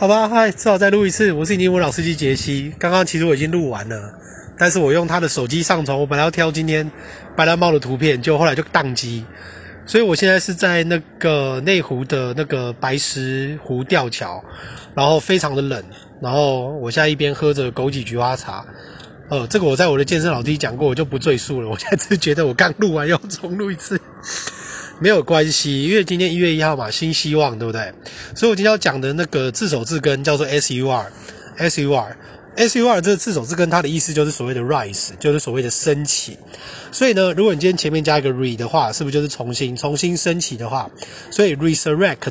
好吧，嗨，只好再錄一次。我是英文老司機傑西，剛剛其實我已經錄完了，但是我用他的手機上傳，我本來要挑今天白蘭貓的圖片，就後來就當機，所以我現在是在那個內湖的那個白石湖吊橋，然後非常的冷，然後我現在一邊喝着枸杞菊花茶，呃，這個我在我的健身老師講過，我就不贅述了。我現在只是覺得我剛錄完要重錄一次。沒有關係，因為今天一月一號嘛，新希望，對不對？所以我今天要講的那個字首字根叫做 SUR, S U R，S U R，S U R 這個字首字根它的意思就是所謂的 rise，就是所謂的升起。所以呢，如果你今天前面加一個 re 的話，是不是就是重新重新升起的話？所以 resurrect。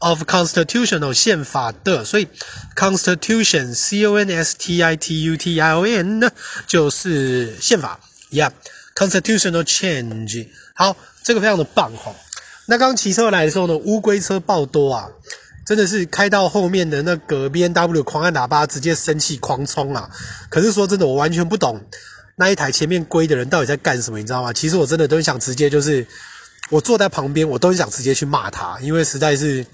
of constitutional 憲法的，所以 constitution c o n s t i t u t i o n 呢就是憲法，yeah constitutional change 好，這個非常的棒哈。那剛騎車來的時候呢，烏龜車爆多啊，真的是開到後面的那個 BMW 狂按喇叭，直接生氣狂衝啊。可是說真的，我完全不懂那一台前面龜的人到底在幹什麼，你知道嗎？其實我真的都想直接就是。我坐在旁邊，我都想直接去罵他，因為實在是，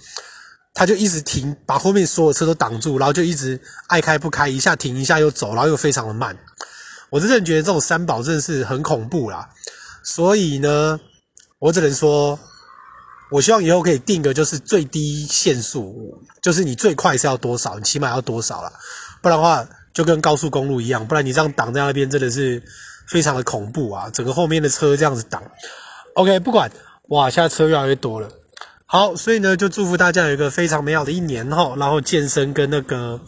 他就一直停，把後面所有車都擋住，然後就一直愛開不開，一下停一下又走，然後又非常的慢。我真的覺得這種三寶真的是很恐怖啦。所以呢，我只能說，我希望以後可以定個就是最低限速，就是你最快是要多少，你起碼要多少啦，不然的話就跟高速公路一樣，不然你這樣擋在那邊真的是非常的恐怖啊，整個後面的車這樣子擋。OK，不管，哇，現在車越來越多了。好，所以呢，就祝福大家有一個非常美好的一年哈。然後健身跟那個，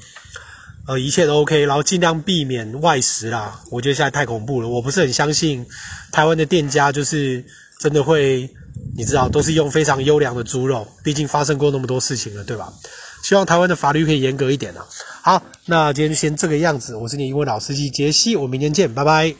呃，一切都 OK。然後盡量避免外食啦，我覺得現在太恐怖了。我不是很相信台灣的店家，就是真的會，你知道，都是用非常優良的豬肉，畢竟發生過那麼多事情了，對吧？希望台灣的法律可以嚴格一點啊。好，那今天就先這個樣子，我是你一位老司機傑西，我明天見，拜拜。